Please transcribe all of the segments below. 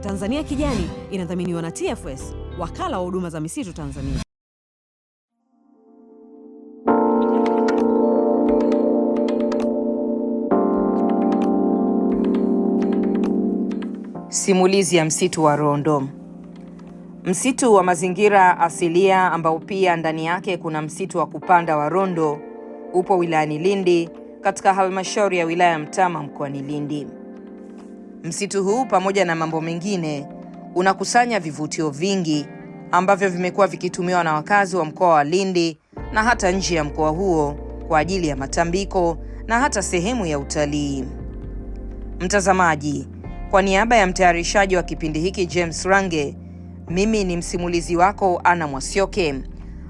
Tanzania Kijani inadhaminiwa na TFS, wakala wa huduma za misitu Tanzania. Simulizi ya msitu wa Rondo. Msitu wa mazingira asilia ambao pia ndani yake kuna msitu wa kupanda wa Rondo upo wilayani Lindi katika halmashauri ya wilaya ya Mtama mkoani Lindi. Msitu huu pamoja na mambo mengine unakusanya vivutio vingi ambavyo vimekuwa vikitumiwa na wakazi wa mkoa wa Lindi na hata nje ya mkoa huo kwa ajili ya matambiko na hata sehemu ya utalii. Mtazamaji, kwa niaba ya mtayarishaji wa kipindi hiki James Range, mimi ni msimulizi wako Ana Mwasioke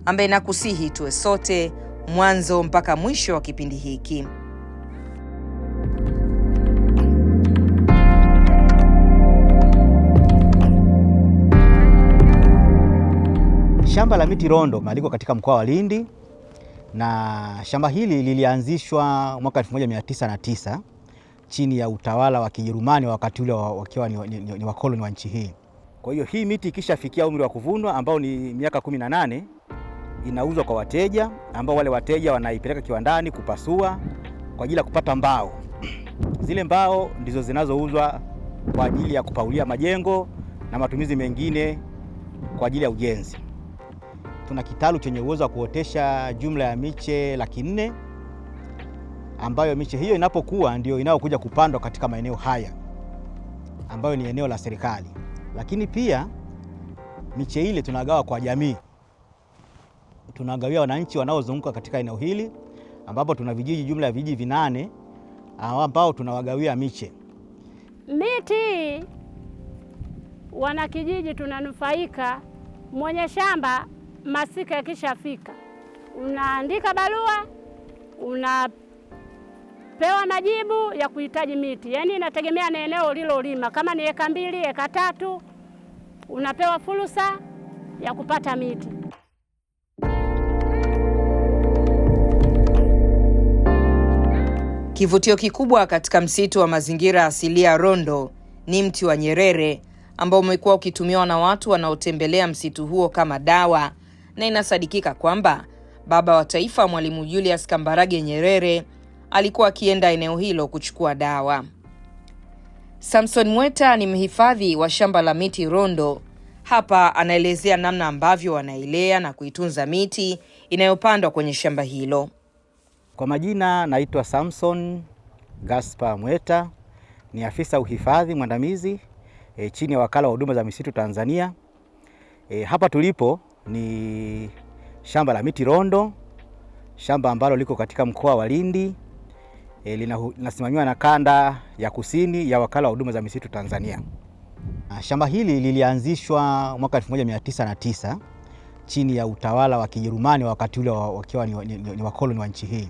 ambaye nakusihi tuwe sote mwanzo mpaka mwisho wa kipindi hiki. Shamba la miti Rondo maliko katika mkoa wa Lindi na shamba hili lilianzishwa mwaka 1909 chini ya utawala wa Kijerumani wakati ule wakiwa ni, ni, ni, ni wakoloni wa nchi hii. Kwa hiyo hii miti ikishafikia umri wa kuvunwa ambao ni miaka 18 inauzwa kwa wateja ambao wale wateja wanaipeleka kiwandani kupasua kwa ajili ya kupata mbao. Zile mbao ndizo zinazouzwa kwa ajili ya kupaulia majengo na matumizi mengine kwa ajili ya ujenzi tuna kitalu chenye uwezo wa kuotesha jumla ya miche laki nne ambayo miche hiyo inapokuwa ndio inayokuja kupandwa katika maeneo haya ambayo ni eneo la serikali, lakini pia miche ile tunagawa kwa jamii, tunagawia wananchi wanaozunguka katika eneo hili, ambapo tuna vijiji jumla ya vijiji vinane ambao tunawagawia miche miti. Wanakijiji tunanufaika, mwenye shamba masika yakishafika, unaandika barua, unapewa majibu ya kuhitaji miti. Yaani inategemea na eneo ulilolima, kama ni eka mbili, eka tatu, unapewa fursa ya kupata miti. Kivutio kikubwa katika msitu wa mazingira asilia Rondo ni mti wa Nyerere ambao umekuwa ukitumiwa na watu wanaotembelea msitu huo kama dawa na inasadikika kwamba baba wa taifa Mwalimu Julius Kambarage Nyerere alikuwa akienda eneo hilo kuchukua dawa. Samson Mweta ni mhifadhi wa shamba la miti Rondo. Hapa anaelezea namna ambavyo wanailea na kuitunza miti inayopandwa kwenye shamba hilo. Kwa majina, naitwa Samson gaspa Mweta, ni afisa uhifadhi mwandamizi e, chini ya wakala wa huduma za misitu Tanzania. E, hapa tulipo ni shamba la miti Rondo, shamba ambalo liko katika mkoa wa Lindi. E, linasimamiwa na kanda ya kusini ya wakala wa huduma za misitu Tanzania. Shamba hili lilianzishwa mwaka 1909 chini ya utawala wa Kijerumani wakati ule wakiwa ni, ni, ni, ni wakoloni wa nchi hii.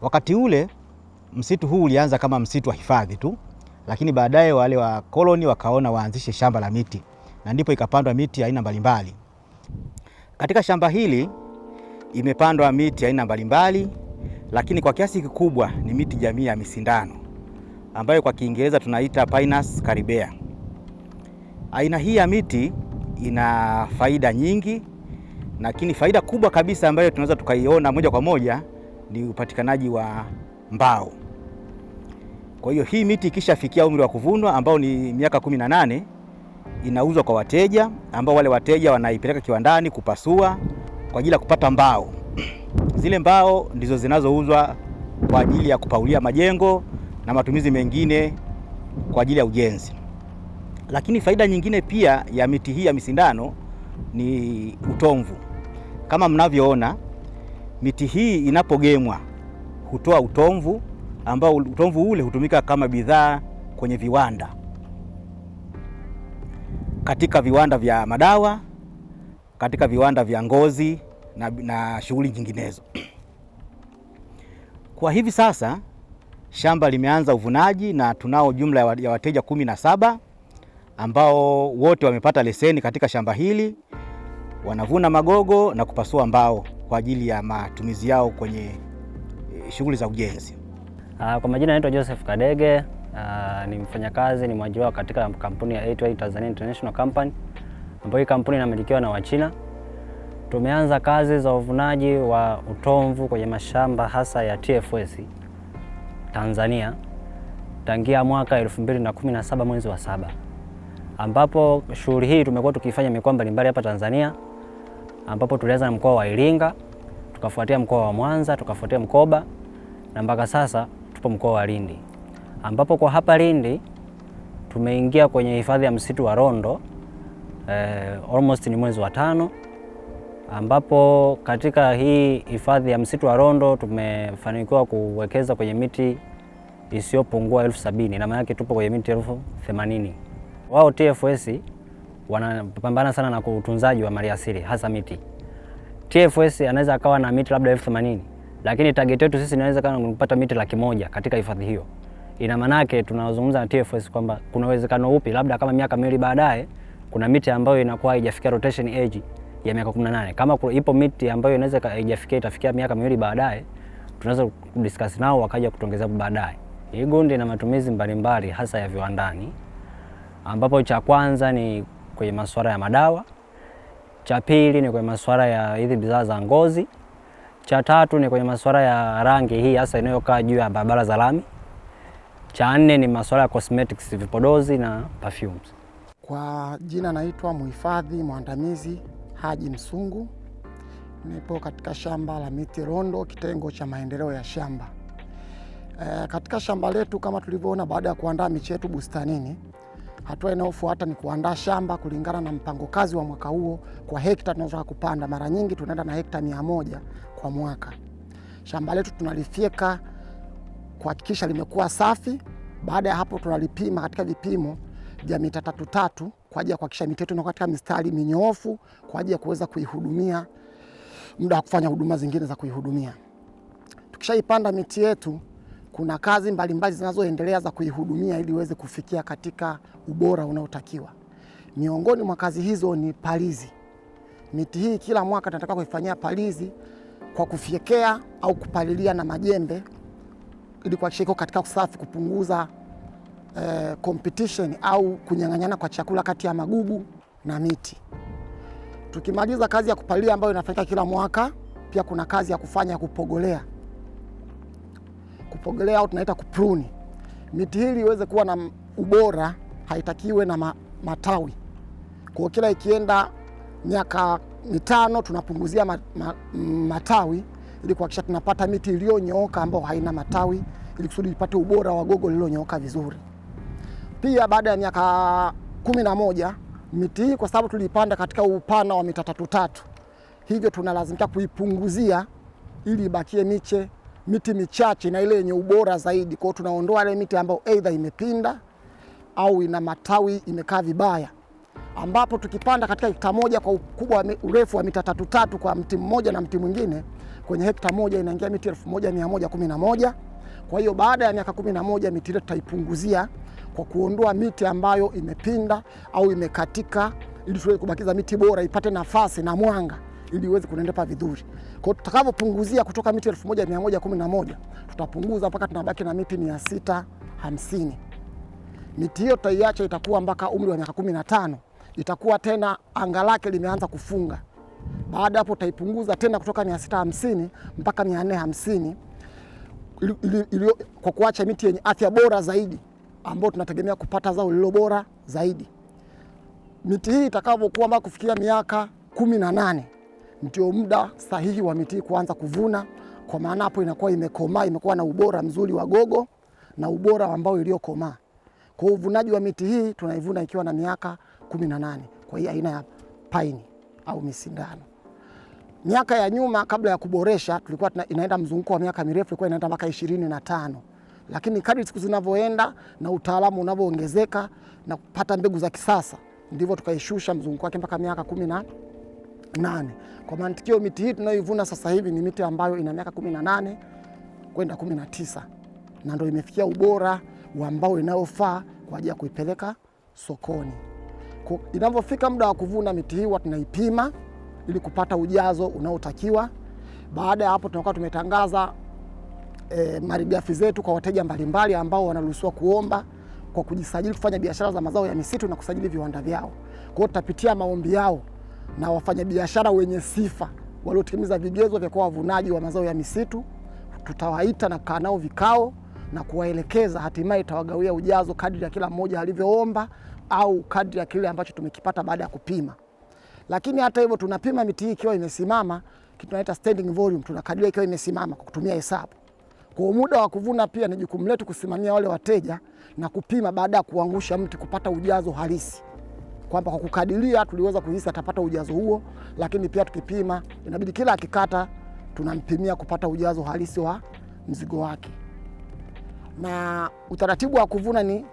Wakati ule msitu huu ulianza kama msitu wa hifadhi tu, lakini baadaye wale wakoloni wakaona waanzishe shamba la miti na ndipo ikapandwa miti aina mbalimbali. Katika shamba hili imepandwa miti aina mbalimbali, lakini kwa kiasi kikubwa ni miti jamii ya misindano ambayo kwa Kiingereza tunaita Pinus caribea. Aina hii ya miti ina faida nyingi, lakini faida kubwa kabisa ambayo tunaweza tukaiona moja kwa moja ni upatikanaji wa mbao. Kwa hiyo hii miti ikishafikia umri wa kuvunwa ambao ni miaka 18 inauzwa kwa wateja ambao wale wateja wanaipeleka kiwandani kupasua kwa ajili ya kupata mbao. Zile mbao ndizo zinazouzwa kwa ajili ya kupaulia majengo na matumizi mengine kwa ajili ya ujenzi. Lakini faida nyingine pia ya miti hii ya misindano ni utomvu. Kama mnavyoona, miti hii inapogemwa hutoa utomvu ambao utomvu ule hutumika kama bidhaa kwenye viwanda katika viwanda vya madawa, katika viwanda vya ngozi na, na shughuli nyinginezo. Kwa hivi sasa shamba limeanza uvunaji na tunao jumla ya wateja kumi na saba ambao wote wamepata leseni katika shamba hili. Wanavuna magogo na kupasua mbao kwa ajili ya matumizi yao kwenye eh, shughuli za ujenzi. Ah, kwa majina naitwa Joseph Kadege Ah, ni mfanyakazi ni mwajiriwa katika kampuni ya A2A Tanzania International Company ambayo hii kampuni inamilikiwa na Wachina. Tumeanza kazi za uvunaji wa utomvu kwenye mashamba hasa ya TFS Tanzania tangia mwaka 2017 mwezi wa saba, ambapo shughuli hii tumekuwa tukifanya mikoa mbalimbali hapa Tanzania, ambapo tulianza na mkoa wa Iringa, tukafuatia mkoa wa Mwanza, tukafuatia Mkoba na mpaka sasa tupo mkoa wa Lindi ambapo kwa hapa Lindi tumeingia kwenye hifadhi ya msitu wa Rondo eh, almost ni mwezi wa tano, ambapo katika hii hifadhi ya msitu wa Rondo tumefanikiwa kuwekeza kwenye miti isiyopungua elfu sabini na maana yake tupo kwenye miti elfu themanini. Wao TFS wanapambana sana na utunzaji wa maliasili hasa miti. TFS anaweza akawa na miti labda elfu themanini lakini target yetu sisi inaweza kupata miti laki moja katika hifadhi hiyo. Ina maana yake tunazungumza na TFS kwamba kuna uwezekano upi labda kama miaka miwili baadaye kuna miti ambayo inakuwa haijafikia rotation age ya miaka 18. Kama ipo miti ambayo inaweza haijafikia itafikia miaka miwili baadaye, tunaweza kudiscuss nao wakaja kutongeza baadaye. Hii gundi ina matumizi mbalimbali hasa ya viwandani ambapo cha kwanza ni kwenye masuala ya madawa, cha pili ni kwenye masuala ya hizi bidhaa za ngozi, cha tatu ni kwenye masuala ya rangi hii hasa inayokaa juu ya barabara za lami. Cha nne ni masuala ya cosmetics, vipodozi na perfumes. Kwa jina naitwa muhifadhi mwandamizi Haji Msungu, nipo katika shamba la miti Rondo, kitengo cha maendeleo ya shamba. E, katika shamba letu kama tulivyoona, baada ya kuandaa miche yetu bustanini, hatua inayofuata ni kuandaa shamba kulingana na mpango kazi wa mwaka huo kwa hekta tunazotaka kupanda. Mara nyingi tunaenda na hekta mia moja kwa mwaka. Shamba letu tunalifyeka kuhakikisha limekuwa safi. Baada ya hapo, tunalipima katika vipimo vya mita tatu tatu kwa ajili ya kuhakikisha miti yetu inakuwa katika mistari minyoofu kwa ajili ya kuweza kuihudumia muda wa kufanya huduma zingine za kuihudumia. Tukishaipanda miti yetu, kuna kazi mbalimbali zinazoendelea za kuihudumia ili iweze kufikia katika ubora unaotakiwa. Miongoni mwa kazi hizo ni palizi. Miti hii kila mwaka tunataka kuifanyia palizi kwa kufyekea au kupalilia na majembe ili kuhakikisha iko katika usafi, kupunguza eh, competition au kunyang'anyana kwa chakula kati ya magugu na miti. Tukimaliza kazi ya kupalilia ambayo inafanyika kila mwaka, pia kuna kazi ya kufanya ya kupogolea. Kupogolea au tunaita kupruni miti hili iweze kuwa na ubora, haitakiwe na ma, matawi. Kwa kila ikienda miaka mitano tunapunguzia ma, ma, mm, matawi ili kuhakikisha tunapata miti iliyonyooka ambayo haina matawi ili kusudi ipate ubora wa gogo lililonyooka vizuri. Pia baada ya miaka kumi na moja miti hii kwa sababu tulipanda katika upana wa mita tatu tatu, hivyo tunalazimika kuipunguzia ili ibakie miche miti michache na ile yenye ubora zaidi. Kwa hiyo tunaondoa ile miti ambayo aidha imepinda au ina matawi imekaa vibaya, ambapo tukipanda katika hekta moja kwa ukubwa urefu wa mita tatu tatu kwa mti mmoja na mti mwingine kwenye hekta moja inaingia miti 1111. Kwa hiyo baada ya miaka 11 miti letu taipunguzia kwa kuondoa miti ambayo imepinda au imekatika, ili tuweze kubakiza miti bora ipate nafasi na mwanga ili iweze kunenepa vizuri. Kwa hiyo tutakavyopunguzia kutoka miti 1111 tutapunguza mpaka tunabaki na miti 650. Miti hiyo tutaiacha itakuwa mpaka umri wa miaka 15, itakuwa tena anga lake limeanza kufunga. Baada hapo utaipunguza tena kutoka mia sita hamsini mpaka mia nne hamsini kwa kuacha miti yenye afya bora zaidi ambayo tunategemea kupata zao lilo bora zaidi. Miti hii itakavyokuwa mpaka kufikia miaka kumi na nane ndio muda sahihi wa miti hii kuanza kuvuna, kwa maana hapo inakuwa imekomaa, imekuwa na ubora mzuri wa gogo na ubora ambao iliyokomaa. Kwa uvunaji wa miti hii tunaivuna ikiwa na miaka kumi na nane kwa hii aina ya paini au misindano. Miaka ya nyuma kabla ya kuboresha tulikuwa inaenda mzunguko wa miaka mirefu ilikuwa inaenda mpaka ishirini na tano, lakini kadri siku zinavyoenda na utaalamu unavyoongezeka na kupata mbegu za kisasa ndivyo tukaishusha mzunguko wake mpaka miaka kumi na nane. Kwa mantikio miti hii tunayoivuna sasa hivi ni miti ambayo ina miaka kumi na nane kwenda kumi na tisa na ndio imefikia ubora ambao inayofaa kwa ajili ya kuipeleka sokoni. Inavyofika muda wa kuvuna miti hii tunaipima ili kupata ujazo unaotakiwa. Baada ya hapo, tunakuwa tumetangaza e, malighafi zetu kwa wateja mbalimbali ambao wanaruhusiwa kuomba kwa kujisajili kufanya biashara za mazao ya misitu na kusajili viwanda vyao. Kwa hiyo tutapitia maombi yao na wafanyabiashara wenye sifa waliotimiza vigezo vya kuwa wavunaji wa mazao ya misitu, tutawaita na kukaa nao vikao na kuwaelekeza, hatimaye tawagawia ujazo kadri ya kila mmoja alivyoomba au kadri ya kile ambacho tumekipata baada ya kupima. Lakini hata hivyo tunapima miti hii ikiwa imesimama, kitu tunaita standing volume, tunakadiria ikiwa imesimama kwa kutumia hesabu. Kwa muda wa kuvuna pia ni jukumu letu kusimamia wale wateja na kupima baada ya kuangusha mti kupata ujazo halisi, kwamba kwa kukadiria tuliweza kuhisi atapata ujazo huo, lakini pia tukipima inabidi kila akikata tunampimia kupata ujazo halisi wa mzigo wake. Na utaratibu wa kuvuna ni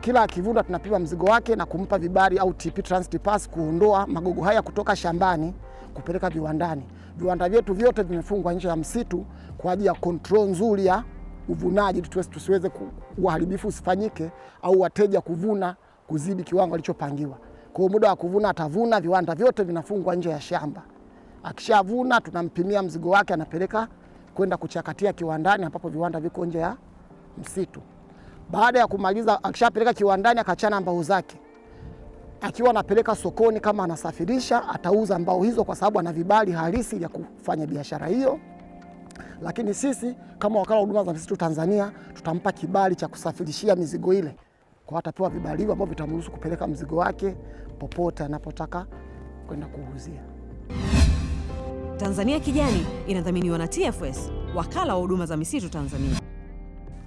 kila akivuna tunapima mzigo wake na kumpa vibali au TP Transit Pass kuondoa magogo haya kutoka shambani kupeleka viwandani. Viwanda vyetu vyote vimefungwa nje ya msitu kwa ajili ya control nzuri ya uvunaji, tusiweze uharibifu usifanyike, au wateja kuvuna kuzidi kiwango alichopangiwa. Kwa hiyo muda wa kuvuna atavuna, viwanda vyote vinafungwa nje ya shamba. Akishavuna tunampimia mzigo wake, anapeleka kwenda kuchakatia kiwandani, ambapo viwanda viko nje ya msitu. Baada ya kumaliza, akishapeleka kiwandani, akachana mbao zake, akiwa anapeleka sokoni, kama anasafirisha, atauza mbao hizo, kwa sababu ana vibali halisi vya kufanya biashara hiyo. Lakini sisi kama wakala wa huduma za misitu Tanzania tutampa kibali cha kusafirishia mizigo ile, kwa atapewa vibali hivyo ambavyo vitamruhusu kupeleka mzigo wake popote anapotaka kwenda kuuzia. Tanzania Kijani inadhaminiwa na TFS, wakala wa huduma za misitu Tanzania.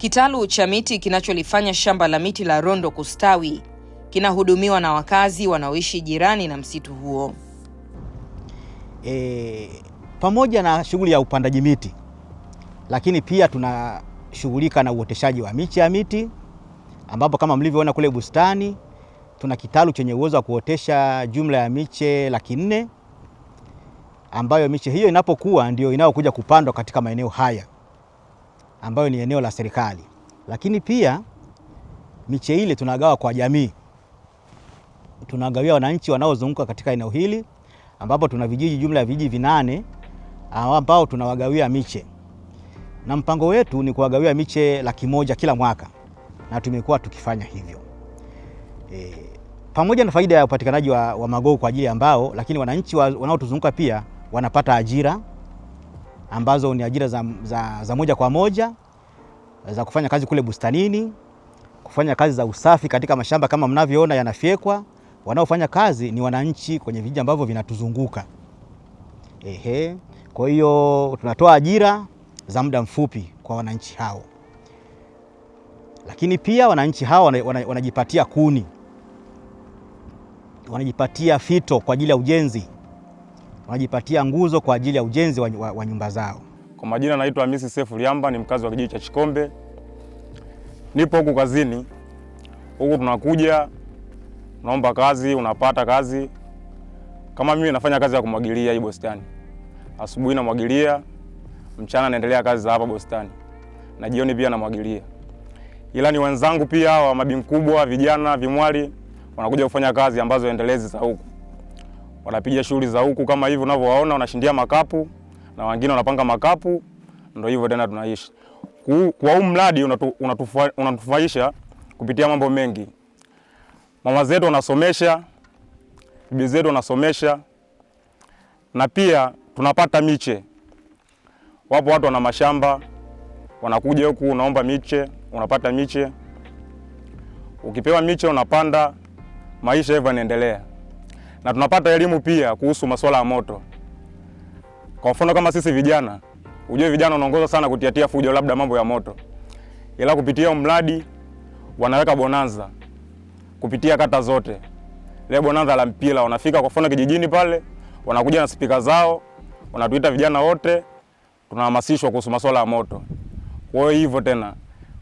Kitalu cha miti kinacholifanya shamba la miti la Rondo kustawi kinahudumiwa na wakazi wanaoishi jirani na msitu huo. E, pamoja na shughuli ya upandaji miti, lakini pia tunashughulika na uoteshaji wa miche ya miti ambapo kama mlivyoona kule bustani tuna kitalu chenye uwezo wa kuotesha jumla ya miche laki nne ambayo miche hiyo inapokuwa ndio inayokuja kupandwa katika maeneo haya ambayo ni eneo la serikali, lakini pia miche ile tunagawa kwa jamii, tunagawia wananchi wanaozunguka katika eneo hili, ambapo tuna vijiji jumla ya vijiji vinane ambao tunawagawia miche, na mpango wetu ni kuwagawia miche laki moja kila mwaka, na tumekuwa tukifanya hivyo e, pamoja na faida ya upatikanaji wa, wa magoo kwa ajili ya mbao, lakini wananchi wa, wanaotuzunguka pia wanapata ajira ambazo ni ajira za, za, za moja kwa moja eh, za kufanya kazi kule bustanini, kufanya kazi za usafi katika mashamba kama mnavyoona yanafyekwa. Wanaofanya kazi ni wananchi kwenye vijiji ambavyo vinatuzunguka. Ehe, kwa hiyo tunatoa ajira za muda mfupi kwa wananchi hao, lakini pia wananchi hao wanajipatia kuni, wanajipatia fito kwa ajili ya ujenzi wanajipatia nguzo kwa ajili ya ujenzi wa, wa, wa nyumba zao. Kwa majina naitwa Hamisi Sefu Liamba, ni mkazi wa kijiji cha Chikombe, nipo huku kazini. Huku tunakuja naomba kazi, unapata kazi. Kama mimi nafanya kazi ya kumwagilia hii bustani, asubuhi namwagilia, mchana naendelea kazi za hapa bustani na jioni pia namwagilia, ila ni wenzangu pia wa mabinkubwa, vijana vimwali wanakuja kufanya kazi ambazo endelezi za huku wanapiga shughuli za huku kama hivi unavyowaona, wanashindia makapu na wengine wanapanga makapu, ndio hivyo tena tunaishi kwa huu mradi unatufaisha kupitia mambo mengi. Mama zetu wanasomesha, bibi zetu wanasomesha, na pia tunapata miche. Wapo watu wana mashamba wanakuja huku, unaomba miche, unapata miche. Ukipewa miche unapanda, maisha hivyo yanaendelea na tunapata elimu pia kuhusu masuala ya moto. Kwa mfano kama sisi vijana, ujue vijana wanaongoza sana kutiatia fujo labda mambo ya moto, ila kupitia mradi wanaweka bonanza kupitia kata zote, lile bonanza la mpira. Wanafika kwa mfano kijijini pale, wanakuja na spika zao, wanatuita vijana wote, tunahamasishwa kuhusu masuala ya moto. Kwa hiyo hivyo tena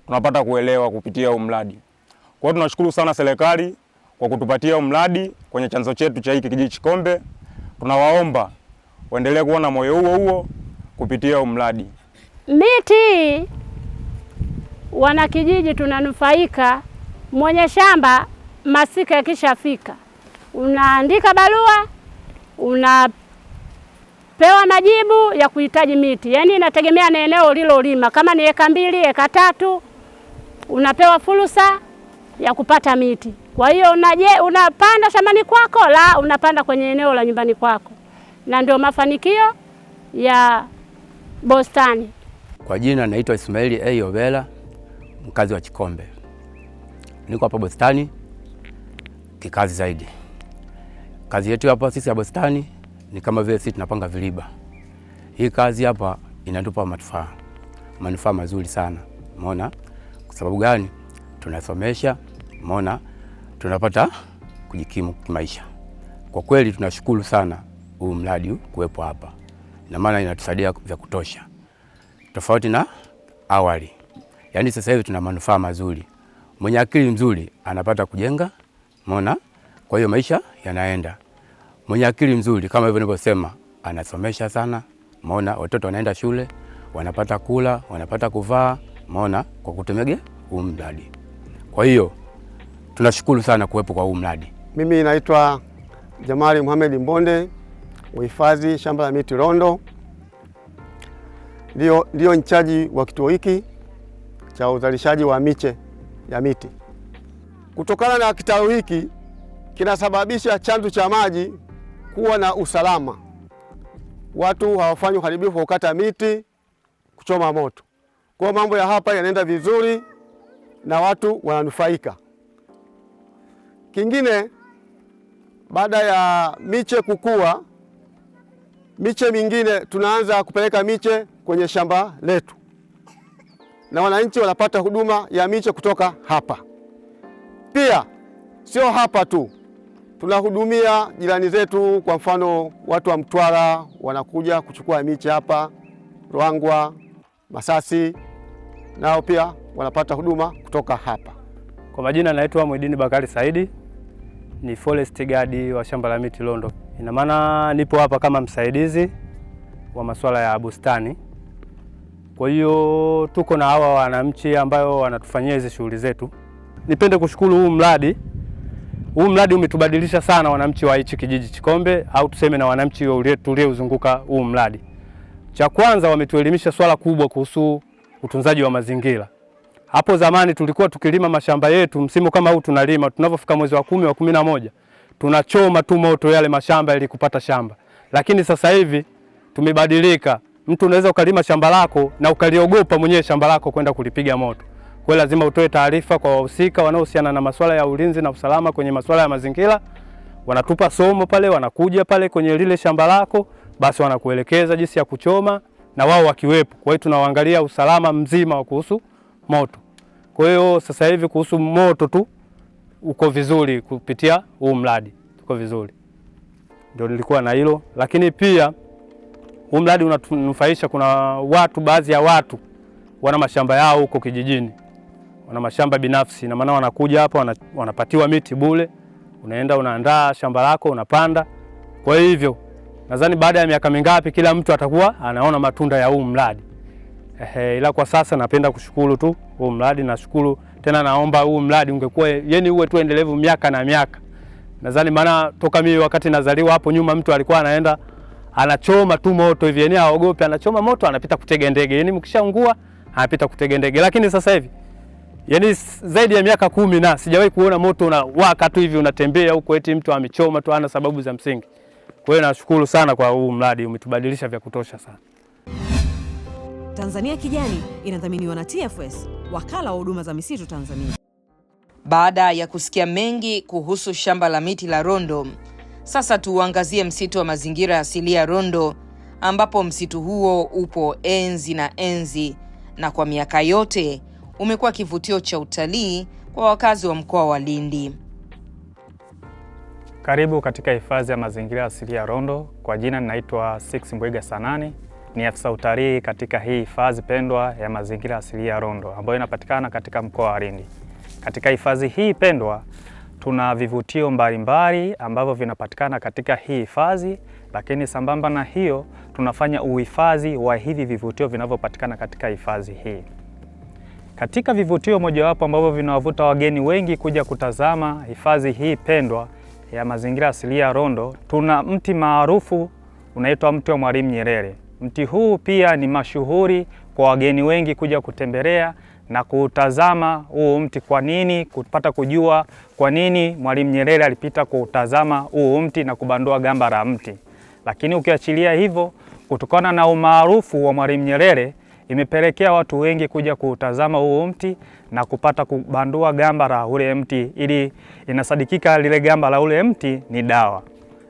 tunapata kuelewa kupitia huu mradi. Kwa hiyo tunashukuru sana serikali kwa kutupatia mradi kwenye chanzo chetu cha hiki kijiji Chikombe. Tunawaomba waendelee kuona moyo huo huo kupitia mradi. Miti wanakijiji tunanufaika. Mwenye shamba masika yakishafika, unaandika barua, unapewa majibu ya kuhitaji miti. Yaani inategemea na eneo ulilolima, kama ni eka mbili, eka tatu, unapewa fursa ya kupata miti. Kwa hiyo unaje, unapanda shambani kwako la unapanda kwenye eneo la nyumbani kwako, na ndio mafanikio ya bustani. Kwa jina naitwa Ismaili A. Obela, mkazi wa Chikombe. Niko hapa bustani kikazi zaidi. Kazi yetu hapa sisi ya bustani ni kama vile sisi tunapanga viriba. Hii kazi hapa inatupa manufaa manufaa mazuri sana, umeona. Kwa sababu gani? Tunasomesha, umeona tunapata kujikimu kimaisha. Kwa kweli tunashukuru sana huu mradi kuwepo hapa, na maana inatusaidia vya kutosha, tofauti na awali. Yaani sasa hivi tuna manufaa mazuri, mwenye akili mzuri anapata kujenga, umeona? Kwa hiyo maisha yanaenda. Mwenye akili mzuri kama hivyo nilivyosema, anasomesha sana, umeona? Watoto wanaenda shule, wanapata kula, wanapata kuvaa, umeona, kwa kutumia huu mradi. Kwa hiyo tunashukuru sana kuwepo kwa huu mradi. Mimi naitwa Jamali Mohamed Mbonde, mhifadhi shamba la miti Rondo, ndio nchaji wa kituo hiki cha uzalishaji wa miche ya miti. Kutokana na kitalu hiki kinasababisha chanzo cha maji kuwa na usalama, watu hawafanyi uharibifu wa kukata miti, kuchoma moto. Kwa mambo ya hapa yanaenda vizuri na watu wananufaika. Kingine, baada ya miche kukua, miche mingine tunaanza kupeleka miche kwenye shamba letu, na wananchi wanapata huduma ya miche kutoka hapa. Pia sio hapa tu, tunahudumia jirani zetu. Kwa mfano, watu wa Mtwara wanakuja kuchukua miche hapa, Ruangwa, Masasi nao pia wanapata huduma kutoka hapa. Kwa majina naitwa Mwidini Bakari Saidi, ni forest guard wa shamba la miti Londo. Ina maana nipo hapa kama msaidizi wa masuala ya bustani. Kwa hiyo tuko na hawa wananchi ambayo wanatufanyia hizi shughuli zetu. Nipende kushukuru huu mradi. Huu mradi umetubadilisha sana wananchi wa hichi kijiji Chikombe, au tuseme na wananchi tuliouzunguka huu mradi. Cha kwanza wametuelimisha swala kubwa kuhusu utunzaji wa mazingira. Hapo zamani tulikuwa tukilima mashamba yetu, msimu kama huu tunalima, tunapofika mwezi wa kumi wa kumi na moja tunachoma tu moto yale mashamba ili kupata shamba. Lakini sasa hivi tumebadilika, mtu unaweza ukalima shamba lako na ukaliogopa mwenyewe shamba lako kwenda kulipiga moto. Kwa hiyo lazima utoe taarifa kwa wahusika wanaohusiana na masuala ya ulinzi na usalama kwenye masuala ya mazingira. Wanatupa somo pale, wanakuja pale kwenye lile shamba lako, basi wanakuelekeza jinsi ya kuchoma na wao wakiwepo. Kwa hiyo tunawaangalia usalama mzima wa kuhusu moto. Kwa hiyo sasa hivi kuhusu moto tu uko vizuri, kupitia huu mradi uko vizuri, ndio nilikuwa na hilo. Lakini pia huu mradi unatunufaisha, kuna watu, baadhi ya watu wana mashamba yao huko kijijini, wana mashamba binafsi, na maana wanakuja hapa wanapatiwa miti bure, unaenda unaandaa shamba lako unapanda. Kwa hivyo nadhani baada ya miaka mingapi, kila mtu atakuwa anaona matunda ya huu mradi. Ehe, ila kwa sasa napenda kushukuru tu huu mradi, nashukuru tena. Naomba huu mradi ungekuwa yani uwe tu endelevu miaka na miaka, nadhani maana toka mimi wakati nazaliwa hapo nyuma mtu alikuwa anaenda anachoma tu moto hivi, yani haogopi, anachoma moto anapita kutega ndege, yani mkishaungua anapita kutega ndege. Lakini sasa hivi yani zaidi ya miaka kumi na sijawahi kuona moto unawaka tu hivi unatembea huko eti mtu amechoma tu, ana sababu za msingi. Kwa hiyo nashukuru sana kwa huu mradi, umetubadilisha vya kutosha sana. Tanzania Kijani inadhaminiwa na TFS, wakala wa huduma za misitu Tanzania. Baada ya kusikia mengi kuhusu shamba la miti la Rondo, sasa tuuangazie msitu wa mazingira asilia Rondo, ambapo msitu huo upo enzi na enzi na kwa miaka yote umekuwa kivutio cha utalii kwa wakazi wa mkoa wa Lindi. Karibu katika hifadhi ya mazingira asilia ya Rondo. Kwa jina ninaitwa Six Mbwega Sanani, ni afisa utalii katika hii hifadhi pendwa ya mazingira asilia ya Rondo ambayo inapatikana katika mkoa wa Lindi. Katika hifadhi hii pendwa tuna vivutio mbalimbali ambavyo vinapatikana katika hii hifadhi, lakini sambamba na hiyo tunafanya uhifadhi wa hivi vivutio vinavyopatikana katika hifadhi hii. Katika vivutio mojawapo ambavyo vinawavuta wageni wengi kuja kutazama hifadhi hii pendwa ya mazingira asilia ya Rondo, tuna mti maarufu unaitwa mti wa Mwalimu Nyerere. Mti huu pia ni mashuhuri kwa wageni wengi kuja kutembelea na kuutazama huu mti, kwa nini kupata kujua kwa nini Mwalimu Nyerere alipita kuutazama huu mti na kubandua gamba la mti. Lakini ukiachilia hivyo, kutokana na umaarufu wa Mwalimu Nyerere imepelekea watu wengi kuja kuutazama huu mti na kupata kubandua gamba la ule mti, ili inasadikika lile gamba la ule mti ni dawa.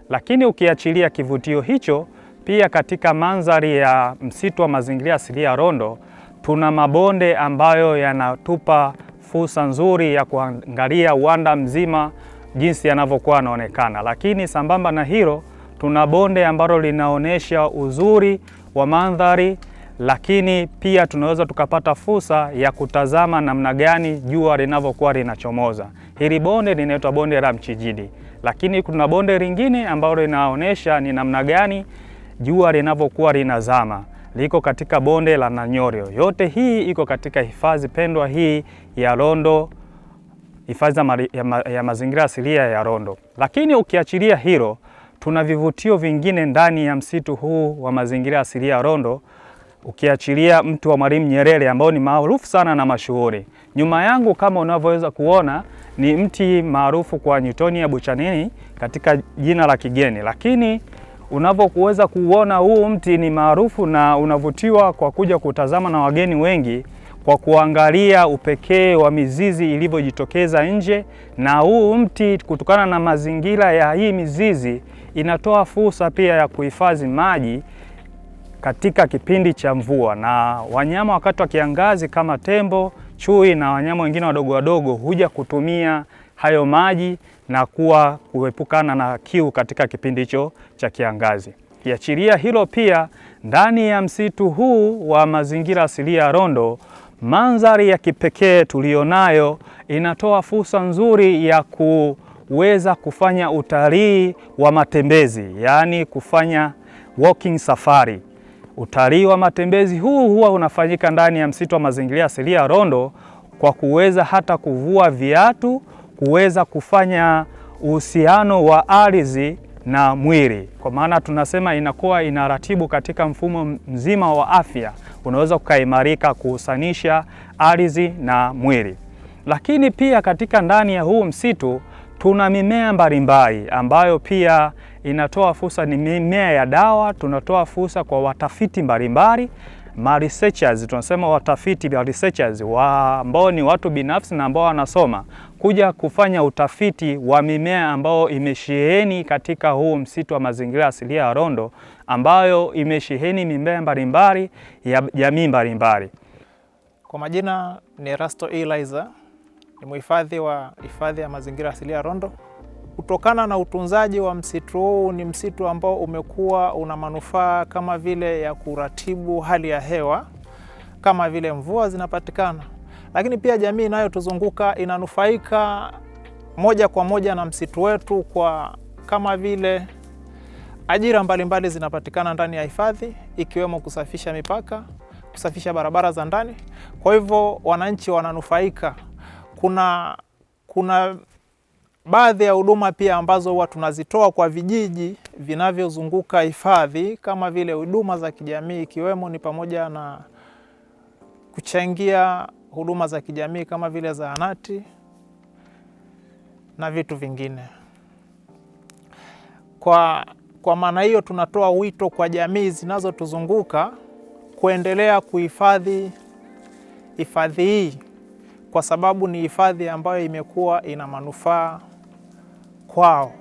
Lakini ukiachilia kivutio hicho pia katika mandhari ya msitu wa mazingira asilia ya Rondo tuna mabonde ambayo yanatupa fursa nzuri ya kuangalia uwanda mzima jinsi yanavyokuwa yanaonekana, lakini sambamba na hilo tuna bonde ambalo linaonyesha uzuri wa mandhari, lakini pia tunaweza tukapata fursa ya kutazama namna gani jua linavyokuwa linachomoza. Hili bonde linaitwa bonde la Mchijidi, lakini kuna bonde lingine ambalo linaonyesha ni namna gani jua linavyokuwa linazama liko katika bonde la Nanyoro. Yote hii iko katika hifadhi pendwa hii ya Rondo, hifadhi ya, ma ya mazingira asilia ya Rondo. Lakini ukiachilia hilo, tuna vivutio vingine ndani ya msitu huu wa mazingira asilia ya Rondo, ukiachilia mtu wa Mwalimu Nyerere ambao ni maarufu sana na mashuhuri. Nyuma yangu kama unavyoweza kuona ni mti maarufu kwa Newtonia buchanini katika jina la kigeni, lakini unavyokuweza kuona huu mti ni maarufu na unavutiwa kwa kuja kutazama na wageni wengi kwa kuangalia upekee wa mizizi ilivyojitokeza nje, na huu mti kutokana na mazingira ya hii mizizi inatoa fursa pia ya kuhifadhi maji katika kipindi cha mvua, na wanyama wakati wa kiangazi kama tembo, chui na wanyama wengine wadogo wadogo huja kutumia hayo maji na kuwa kuepukana na kiu katika kipindi hicho cha kiangazi. kiachiria hilo pia, ndani ya msitu huu wa mazingira asilia ya Rondo, mandhari ya kipekee tuliyonayo inatoa fursa nzuri ya kuweza kufanya utalii wa matembezi, yaani kufanya walking safari. Utalii wa matembezi huu huwa unafanyika ndani ya msitu wa mazingira asilia ya Rondo kwa kuweza hata kuvua viatu kuweza kufanya uhusiano wa ardhi na mwili, kwa maana tunasema inakuwa inaratibu katika mfumo mzima wa afya, unaweza kukaimarika kuhusanisha ardhi na mwili. Lakini pia katika ndani ya huu msitu tuna mimea mbalimbali ambayo pia inatoa fursa, ni mimea ya dawa. Tunatoa fursa kwa watafiti mbalimbali ma researchers tunasema watafiti wa researchers wa ambao ni watu binafsi na ambao wanasoma kuja kufanya utafiti wa mimea ambao imesheheni katika huu msitu wa mazingira asilia ya Rondo, ambayo imesheheni mimea mbalimbali ya jamii mbalimbali. Kwa majina ni Erasto Eliza, ni mhifadhi wa hifadhi ya mazingira asilia ya Rondo. Kutokana na utunzaji wa msitu huu, ni msitu ambao umekuwa una manufaa kama vile ya kuratibu hali ya hewa, kama vile mvua zinapatikana, lakini pia jamii inayotuzunguka inanufaika moja kwa moja na msitu wetu kwa kama vile ajira mbalimbali mbali zinapatikana ndani ya hifadhi, ikiwemo kusafisha mipaka, kusafisha barabara za ndani. Kwa hivyo wananchi wananufaika. Kuna kuna baadhi ya huduma pia ambazo huwa tunazitoa kwa vijiji vinavyozunguka hifadhi kama vile huduma za kijamii ikiwemo ni pamoja na kuchangia huduma za kijamii kama vile zahanati na vitu vingine. Kwa, kwa maana hiyo tunatoa wito kwa jamii zinazotuzunguka kuendelea kuhifadhi hifadhi hii kwa sababu ni hifadhi ambayo imekuwa ina manufaa kwao.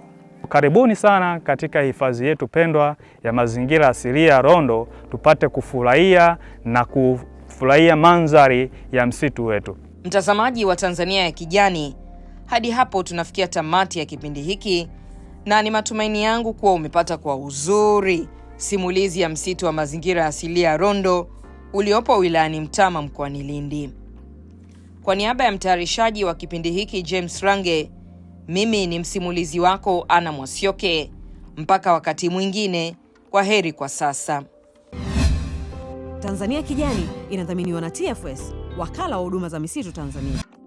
Karibuni sana katika hifadhi yetu pendwa ya mazingira asilia ya Rondo, tupate kufurahia na kufurahia mandhari ya msitu wetu. Mtazamaji wa Tanzania ya Kijani, hadi hapo tunafikia tamati ya kipindi hiki, na ni matumaini yangu kuwa umepata kwa uzuri simulizi ya msitu wa mazingira asilia ya Rondo uliopo wilayani Mtama mkoani Lindi. Kwa niaba ya mtayarishaji wa kipindi hiki James Range mimi ni msimulizi wako Ana Mwasioke. Mpaka wakati mwingine, kwa heri kwa sasa. Tanzania Kijani inadhaminiwa na TFS, wakala wa huduma za misitu Tanzania.